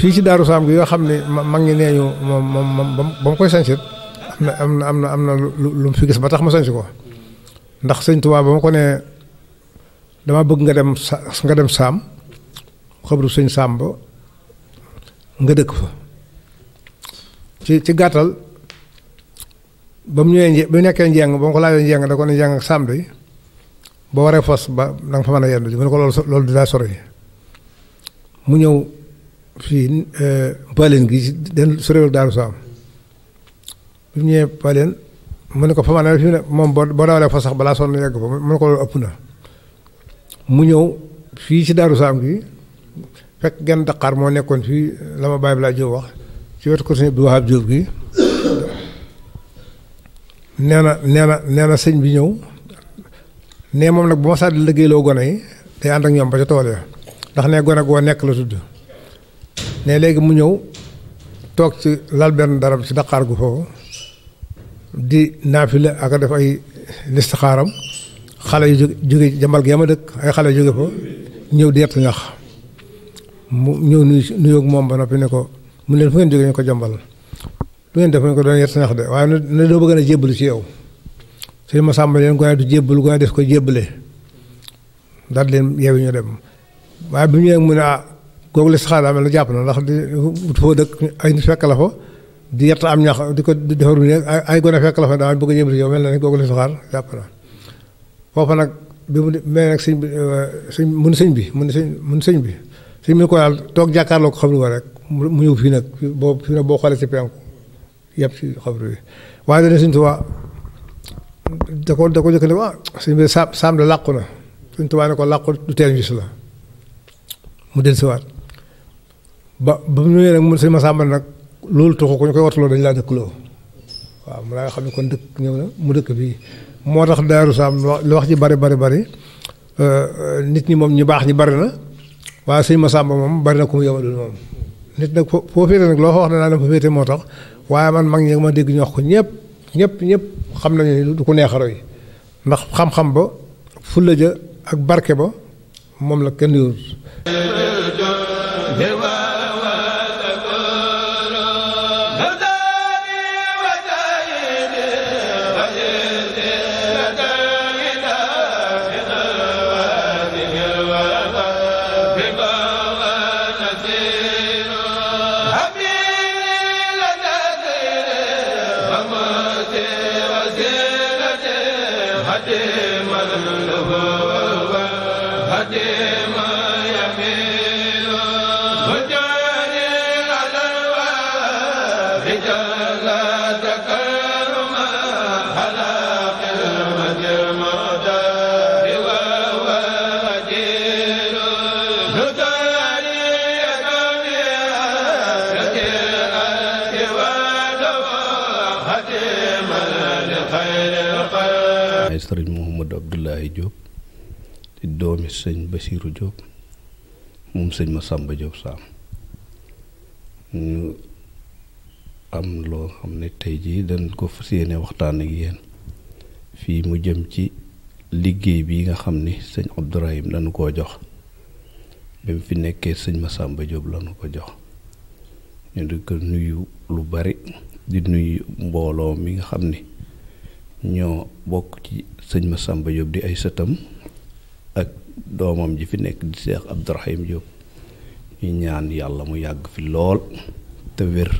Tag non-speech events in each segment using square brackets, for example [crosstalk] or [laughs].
fii ci Daaru Saam gi nga xam ne ma ngi nee ñu moom moom ba mu koy sañsit am na am na am na lu mu fi gis ba tax ma sañsi ko ndax sëñ Tuubaa ba ma ko nee dama bëgg nga dem sa nga dem saam xabru sëñ saam ba nga dëkk fa ci ci gàttal ba mu ñëwee ba mu nekkee njeng ba mu ko laajee njeng da ko ne njeng ak saam bi boo waree fos ba da fa mën a yendu ji mu ne ko loolu loolu dinaa sori mu ñëw fii euh, Paleen gi den sorewul Daaru Salaam bi ñëwee Paleen mu ne ko fa maanaam fii ne moom boo boo fa sax balaa sonn yegg fa mu ne ko loolu ëpp na mu ñëw fii si Daaru Salaam gi fekk genn daqaar moo nekkoon fii la ma bàyyi balaa Jóob wax ci wetu ko sëñ Abdou Wahab Jóob gi nee na nee na nee na sëñ bi ñëw nee moom nag bu ma saa di liggéeyloo gone yi day ànd ak ñoom ba ca tool ya ndax nee gone goo nekk la tudd ne léegi mu ñëw toog ci lal benn darab ci daqaar gu foofu di naafila ak def ay listixaaram xale yu jóge jambal gi yama dëkk ay xale juge jóge ñëw di yett ñax mu ñëw nuyoog moom ba noppi ne ko mu leen fu ngeen jóge ñu ko jambal lu ngeen def ne ko doon de waaye ne doo bëgg na jébbalu ci yow suñu ma sàmba leen gone du jébbalu gone des ko jébbale daal leen yeewu ñu dem waaye bi mu ñëwee ah, googu listixaar daa mel ne jàpp na ndax di wut foo dëkk ay nit fekk la fa di yett am ñax di ko defaru ne ay gone fekk la fa daa a jëm mel na ne googu listixaar jàpp na foofa nag bi mu mel nag sëñ bi euh, sëñ mun sëñ bi mun sëñ mun sëñ bi sëñ bi toog jàkkaarloo ko xabru ba rek mu ñëw fii nag boo fii nag boo xoolee si penku yëpp si xabru bi waaye dana sëñ Tuubaa da ko da ko jëkk ne waa ah, sëñ bi saam saam da làqu na sëñ Tuubaa ne ko làqu du teel gis la mu dellusiwaat ba ba mu ñëwee nag mu sëñ Masamba nag loolu taxu ko ñu koy watuloo dañu laa dëkkloo waaw mu laa xam ne kon dëkk ñëw na mu dëkk bii moo tax Daaru Saam lu wax ji bari bari bari euh, nit ñi moom ñi baax ñi bari na waaye sëñ Masamba moom bari na ku mu yemalul moom nit nag foo féete nag loo ko wax ne naa dem fa féete moo tax waaye man mag ñi ma dégg ñu wax ko ñëpp ñëpp ñëpp xam nañu du ko neexaro yi ndax xam-xam ba fulla ja ak barke ba moom la kenn doomi sëñ Basiiru Jóob moom sëñ Masàmba Jóob Saam ñu am loo xam ne tey jii dañ ko fas yéene waxtaan ak yéen fii mu jëm ci liggéey bi nga xam ni sëñ Abdourahim dañu ko jox bi fi nekkee sëñ Masàmba Jóob lañu ko jox ñu di ko nuyu lu bari di nuyu mbooloo mi nga xam ni ñoo bokk ci sëñ Masàmba Jóob di ay sëtam ak doomam ji fi nekk di Cheikh Abdourahim Diop ñu ñaan yàlla mu yàgg fi lool te wér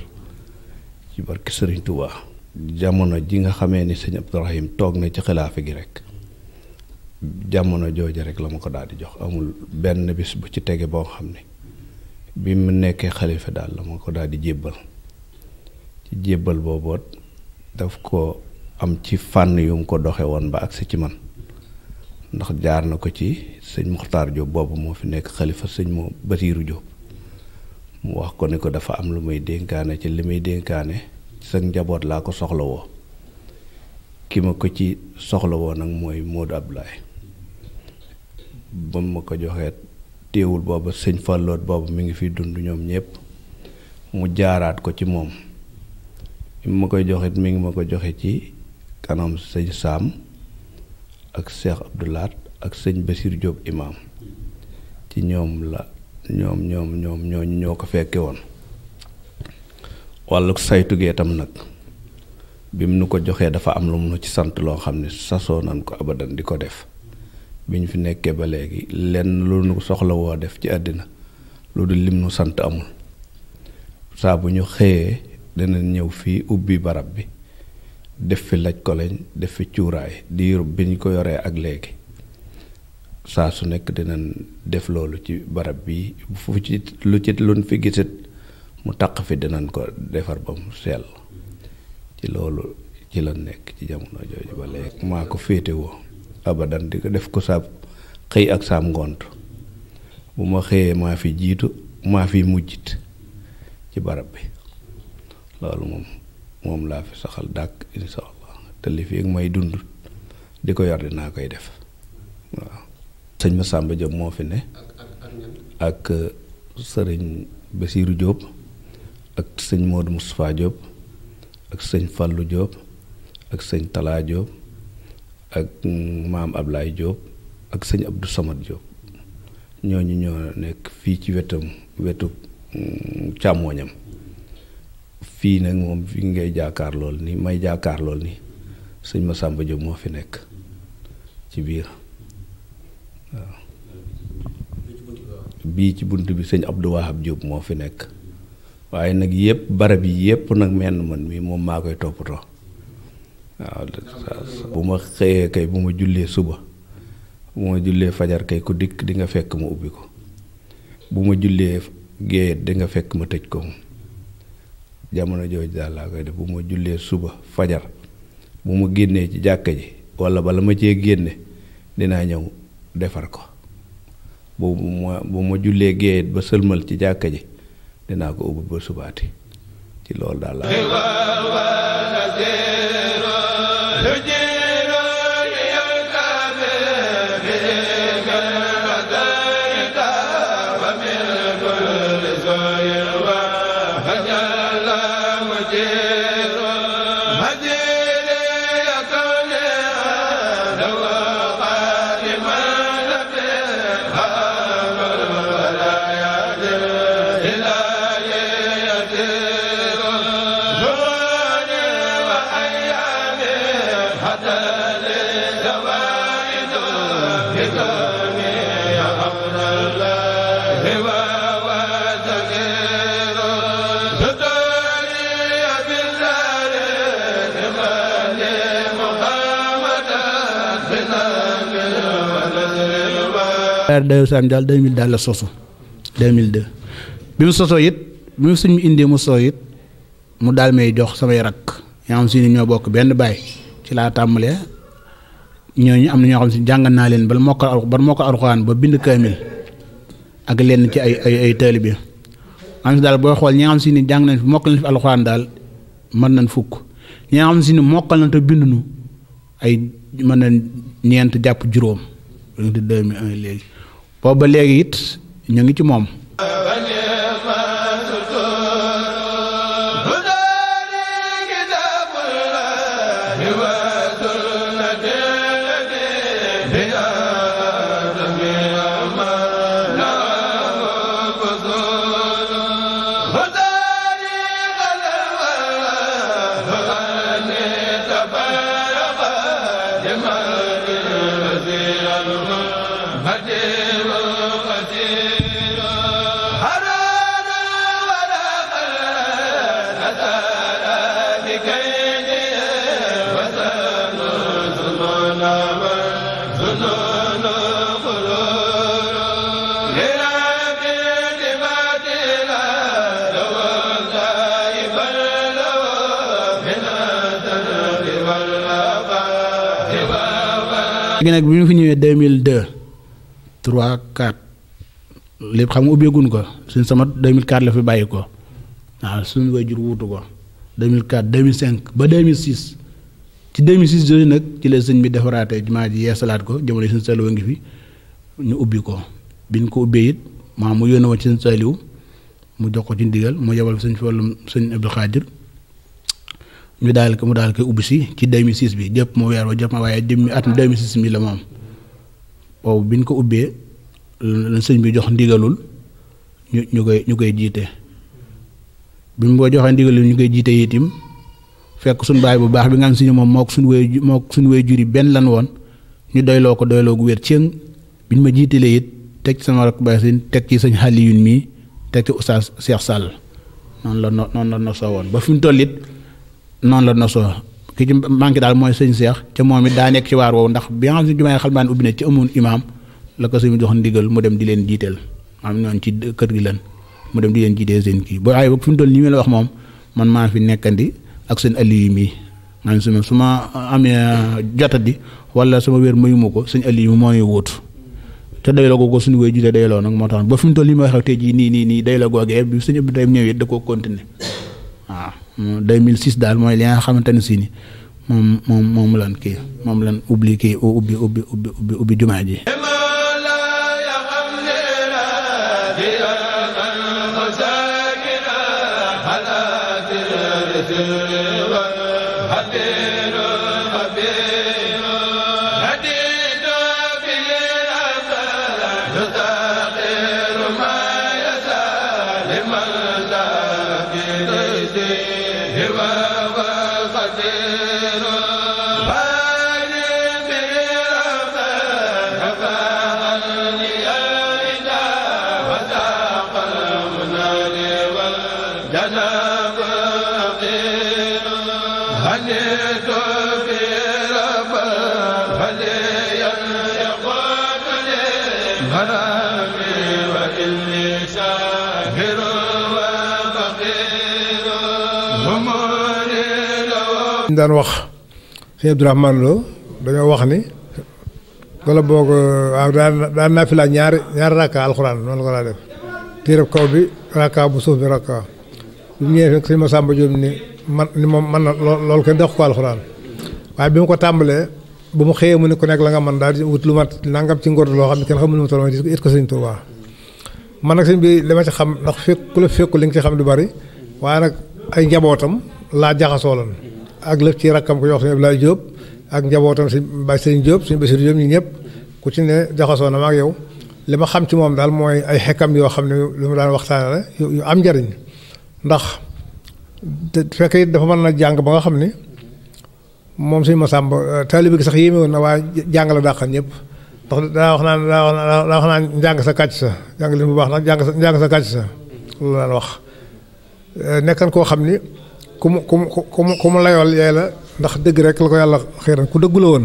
ci barke Serigne Touba jamono ji nga xamee ni sëñ Abdourahim toog na ci xilaafa gi rek jamono jooja rek la ma ko daal di jox amul benn bis bu ci tege boo xam ne bi mu nekkee xalifa daal la ma ko daal di jébbal ci jébbal booboot daf ko am ci fànn yum ko doxe woon ba agsi ci man ndax jaar na ko ci sëñ Muxtaar Diop boobu moo fi nekk xalifa sëñ moo Basiiru Diop mu wax ko ne ko dafa am lu may dénkaane ci li may dénkaane ci sa njaboot laa ko soxlawoo woo ki ma ko ci soxlawoo woo nag mooy Modou Abdoulaye ba ma ko joxee téewul booba sëñ Falloot boobu mi ngi fi dund ñoom ñëpp mu jaaraat ko ci moom ma koy joxit mi ngi ma ko joxe ci kanam sëñ Saam ak Cheikh Abdoulaat ak sëñ Basir jóob imaam ci ñoom la ñoom ñoom ñoom ñoo ñoo ko fekke woon wàllu saytu gee nag bi mu nu ko joxee dafa am lu mu ci sant loo xam ne sasoo nan ko abadan di ko def bi ñu fi nekkee ba léegi lenn lu nu soxla woo def ci àddina lu dul lim nu sant amul saa bu ñu xëyee dana ñëw fii ubbi barab bi def fi laj koleñ def fi cuuraay diir bi ñu ko yoree ak léegi saa su nekk dinañ def loolu ci barab bi fu ci lu ci luñ fi gisit mu taq fi dinañ ko defar ba mu sell ci loolu ci la nekk ci jamono jooju ba léegi maa ko féetewoo abadan di ko def ko saab xëy ak saam ngont bu ma xëyee maa fi jiitu maa fi mujjit ci barab bi loolu moom moom laa fi saxal dàkk insha allah te li fi may dund di ko yor naa koy def waaw. sëñ Massamba Diop moo fi ne ak euh, sëriñ basiiru Diop ak sëñ Modou Moustapha Diop ak sëñ Fallou Diop ak sëñ ak mm, maam Ablaye Diop ak sëñ Abdou Samad Diop ñooñu ñoo nekk fii ci wetam wetu mm, càmmooñam fii nag moom fi ngay jaakaar lool ni may jaakaar lool ni sëñ Massamba Diop moo fi nekk ci biir waaw bii ci bunt bi sëñ Abdou Wahab moo fi nekk waaye nag yëpp barab yi yëpp nag menn man mi moom maa koy toppatoo waaw bu ma xëyee kay bu ma jullee suba bu ma jullee fajar kay ku dikk di nga fekk ma ubbi ko bu ma jullee géeyet di nga fekk ma tëj ko jamono jooju daal laa koy def bu ma jullee suba fajar bu ma génnee ci jàkka ji wala bala ma cee génne dinaa ñëw defar ko bu ma bu ma jullee géeyet ba sëlmal ci jàkka ji dinaa ko ubbi ba subaati ci loolu daal laa Daara Darou Salam daal 2000 daal la de 2002 bi mu sosoo it bi mu suñ indee mu sosoo it mu daal may jox samay rakk ñoo xam si ne ñoo bokk benn baay ci laa ñoo ñooñu am na ñoo xam si jàng naa leen bala moo ko bala ba bind kaamil ak lenn ci ay ay ay taalibe am si daal booy xool ñi xam si ne jàng nañ fi mokkal nañ fi Alxuraan daal man na fukk ñi nga xam si ne mokkal nañ te bind nu ay mën nañ ñeent jàpp juróom. léegi booba léegi it ñu ngi ci moom léegi nag bi ñu fi ñëwee deux mille deux trois quatre lépp xam nga ubbeegun ko suñ sama deux mille quatre la fi bàyyi ko waaw suñu waajur wuutu ko deux mille quatre deux mille cinq ba deux mille six ci deux mille six yooyu nag ci la sëñ bi defaraatee jumaa ji salaat ko jamono yi suñ saliw ngi fi ñu ubbi ko biñ ko ubbee it maa mu yónnee woon ci suñ saliw mu jox ko ci ndigal mu yebal fi sëñ Fallu sëñ Abdul Xaadir ñu daal ko mu daal koy ubbi si ci 2006 bi jëpp ma weer ba jëpp ma waaye jëmmi at mi 2006 bi la moom boobu bi ñu ko ubbee la sëñ bi jox ndigalul ñu ñu koy ñu koy jiite bi mu ko joxee ndigalul ñu koy jiite itam fekk suñu baay bu baax bi nga am si ne moom moo ko suñu wéy moo ko suñu wéy jur yi benn lan woon ñu doyloo ko doyloo gu wér ceeŋ bi ñu ma jiitalee it teg ci sama rakk Baay Siin teg ci sëñ Aliyun mii teg ci Oustaz Cheikh Sall noonu la noonu la noonu woon ba fi mu noonu la nosoo ki ci manqué daal mooy sëñ Seex ca moom it daa nekk ci waar woowu ndax bi nga xam ne jumaay xalbaan ubbi na ci amoon imaam la ko suñu jox mu dem di leen jiiteel am ñooñu ci kër gi lan mu dem di leen jiiteel seen kii ba fi mu toll nii ma la wax moom man maa fi nekkandi ak seen Aliyu mi man su ma su ma amee uh, jotadi wala sama wér mayu ma ko sëñ Aliyu moo ñu wóotu te dayloo googu suñu wéy jiite dayloo nag moo tax ba fi mu toll nii ma waxee tey jii nii nii nii dayloo googee bi sëñ Abdou Taye ñëwee da koo continuer mille 2006 daal mooy li nga xamante ne si ni moom moom moom lan kii moom lan ubbi kii ubbi ubbi ubbi ubbi jumaa ji daan wax sëñ Abdourahmane Lo dañoo wax ni wala boog waaw ah, daan daan naa fi laa ñaari ñaari rakka alxuraan noonu la ko laa def téerab kaw bi rakka bu suuf bi rakka bu ñëwee fekk sëñ Massamba Diop ni man ni moom man na loolu kenn dox ko alxuraan bi mu ko tàmbalee bu mu xëyee mu ne ku la nga man daal di wut lu mat nangam ci ngóor loo xam ne kenn xamul nu mu toll it ko sëñ Tuubaa man xam ndax fekk ku la fekku li nga ci xam du bari waaye nag ay njabootam laa jaxasoo lan ak lëf ci rakkam ko jox sëñ Abdoulaye Diop ak njabootam si Baye Sëriñ Diop suñu Bassirou Diop ñi ñëpp ku ci ne jaxasoo na ma ak yow li ma xam ci moom daal mooy ay xekkam yoo xam ne lu mu daan waxtaane la yu am njariñ ndax fekk it dafa mën na jàng ba nga xam ne moom suñu Masamba euh, taalibe gi sax yéeme woon na waaye jàng la dàqan ñëpp ndax daa wax naan daa wax naan daa wax naan njàng sa kàcc sa jàng li mu baax ndax njàng sa njàng sa kàcc sa loolu daan wax euh, nekkan koo xam ni ku mu ku mu ku mu ku mu layool yaay la ndax dëgg rek lu ko yàlla xëy na ku dëggu la woon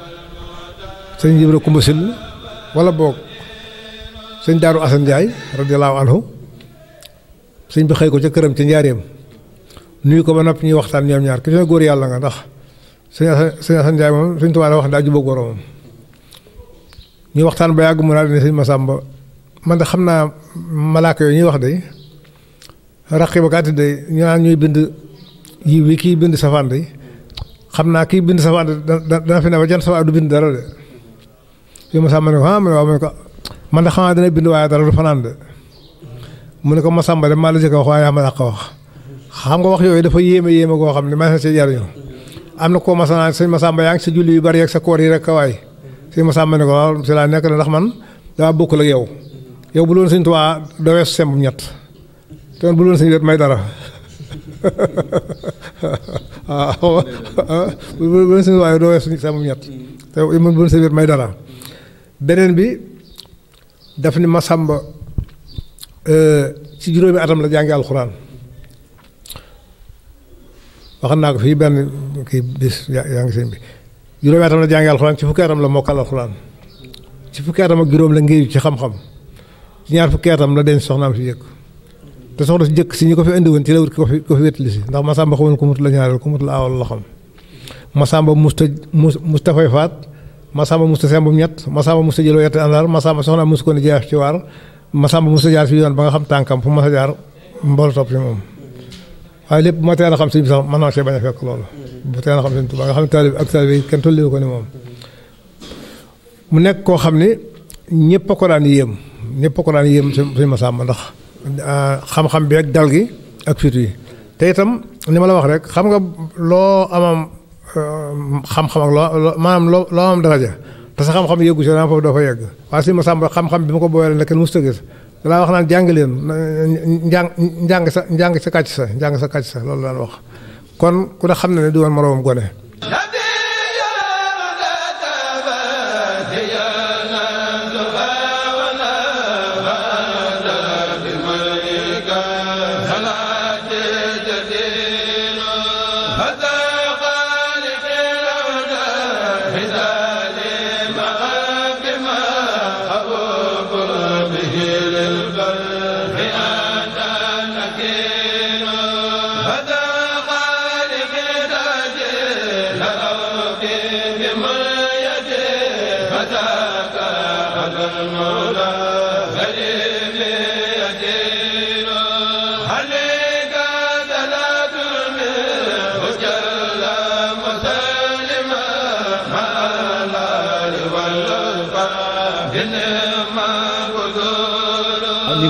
sëñ Ibra Kumba Sil wala boog sëñ Daaru Asan Njaay radiallahu anhu sëñ bi xëy ko ca këram ca njaareem nuyu ko ba noppi ñuy waxtaan ñoom ñaar ki fi ne nga ndax sëñ sëñ Asan Njaay moom sëñ Tuubaa la wax daa jubóog boromam ñuy waxtaan ba yàgg mu naa dina sëñ Masamba man de xam naa malaaka yooyu ñuy wax de raqiba gàtt de ñu naan ñuy bind yiw wi kii bind safaan de xam naa kii bind safaan de dana fi ne ba jan safaan du bind dara de yow Masamba ne ko ah mu ne waaw mu ne ko man de xanaa dana bind waaye dara du fanaan de mu ne ko Masamba de maa la jëkk wax waaye yaa ma dàq wax xam nga wax yooyu dafa yéeme yéeme goo xam ne maa ngi see jariñu am na koo masanaan sëñ yaa ngi sa julli yu bari ak sa koor yi rek kawaay sëñ Masamba ne ko waaw si laa nekk na ndax man damaa bokkul ak yow yow bu loon sëñ Tuubaa doo wees semb ñett te bu loon may dara waaw [laughs] ah, ah, bu loon sëñ may dara beneen bi daf ni Masamba euh, ci juróomi atam la jàngi alxuraan waxan naa ko fii benn kii bis yaa ngi seen bi juróomi atam la jàngi alxuraan ci fukki atam la mokkal alxuraan ci fukki atam ak juróom la ngi ci xam-xam ci ñaar fukki atam la denc soxnaam si jëkk te soxna si jëkk si ñu ko fi indi ci la wut ko fi ko fi wétali si ndax Masamba xawoon ku mut la ñaareel ku mut la aawal la xam Masamba musta mustafay faat Masamba musta sembum ñett Masamba musta jëloo yett àndar Masamba soxna musu ko ne jeex ci waar Masamba musta jaar fi yoon ba nga xam tànkam fu masa jaar mboolu topp ci moom waaye lépp ma teel a xam sëñ bi sax mën naa see bañ a fekk loolu bu teel a xam sëñ Tuubaa nga xam ne taalib ak taalib yi kenn tollewu ko ne moom mu nekk koo xam ne ñëpp a ko daan yéem ñëpp a ko daan yéem sëñ Masamba ndax ah, xam-xam bi ak dal gi ak fit yi te itam li ma la wax rek xam nga loo amam Euh, xam-xam ak loo maanaam loo loo am daraja te sa xam-xam yëggu si maanaam foofu doo fa yegg waaye si ma sàmm xam-xam bi ma ko boole ne kenn mosut a gis dalaa wax naan jàng leen njàng njàng sa njàng sa kàcc sa njàng sa kàcc sa loolu daan wax kon ku ne xam na ne du woon moroomam gone li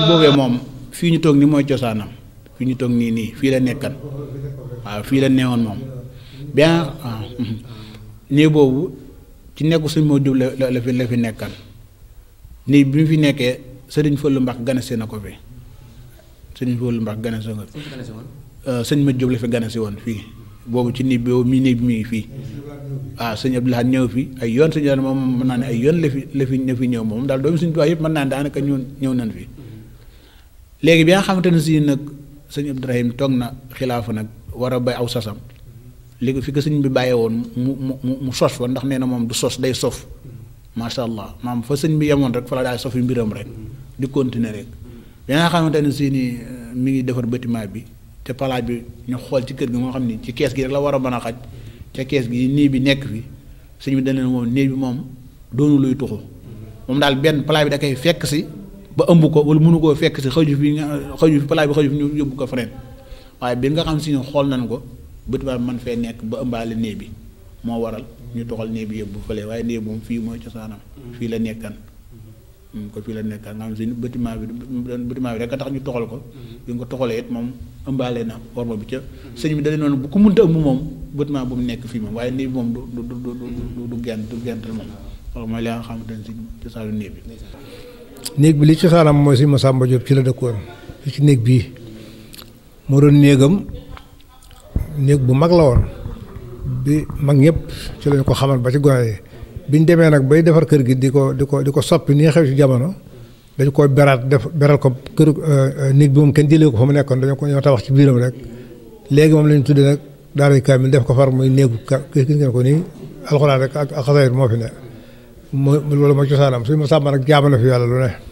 boobee moom fii ñu toog ni mooy cosaanam fii ñu toog nii nii fii la nekkan waaw fii la neewoon moom bien ah, [laughs] néeg boobu ci nekku sëñ moo jub la la fi la fi nekkan nii bi mu fi nekkee sëriñ Fallou Mbax ganase na ko fi sëriñ Fallou Mbax ganase na ko sëñ ma jub la fi ganase woon fii boobu ci nii boobu mii néeg bi mi ngi fii waaw ah, sëñ Abdoulaye ñëw fi ay yoon sëñ moom mën naa ne ay yoon la fi la fi ñëw moom daal doomu sëñ Tuubaa yëpp mën naa ne daanaka ñëw ñëw nañ fi léegi bi nga xamante ne si nag sëñ Abdourahim toog na xilaafa nag war a bay aw sasam léegi fi ko sëñ bi bàyyee woon mu mu mu sos fa ndax nee na moom du sos day sof macha allah maam fa sëñ bi yemoon rek fa la daal sofi mbiram rek di continuer rek bi nga xamante ne si eh, mi ngi defar bâtiment bi te palaaj bi ñu xool ci kër gi moo xam ni ci kees gi la war a mën a xaj ca kees gi nii bi nekk fi sëñ bi dana moom nii bi moom doonu luy tuxu moom daal benn palaaj bi da koy fekk si ba ëmb ko wala mënu koo fekk si xëju fi nga xëju fi bi xëju fi yóbbu ko feneen waaye bi nga xam si xool nañ ko. ba bi man fee nekk ba ëmbaale néeg bi moo waral ñu toxal néeg bi yóbbu waaye néeg moom fii mooy cosaanam. Mm-hmm. fii la nekkan. Mm, ko fii la nekkan nga xam si bâtiment bi bâtiment bi rek a tax ñu toxal ko. Mm-hmm. bi nga ko toxalee it na orma bi ca. Mm-hmm. sëñ bi dalee noonu bu ku munta ëmb moom bâtiment bu mu nekk fii waaye néeg bi moom du du du du du gent du gental moom. waaw mooy li nga bi. néeg bi li cosaanam mooy si Massamba Diop ci la dëkkoon ci néeg bii moo doon néegam. néeg bu mag la woon bi mag ñëpp ci lañ ko xamal ba ci gone yi ñu demee nag bay defar kër gi di ko di ko di ko soppi nii xew ci jamono dañ ko beraat def beral ko kër euh, euh, néeg bi moom kenn jëlee ko fa mu nekkoon dañoo ko ñëw tabax ci biiram rek léegi moom lañ tuddee nag daara kaamil def ko far muy néegu kii ko nii alxuraan rek ak xasayit moo fi ne mu loolu mooy cosaanam suñu ma sàmm nag jaamana fi yàlla lu ne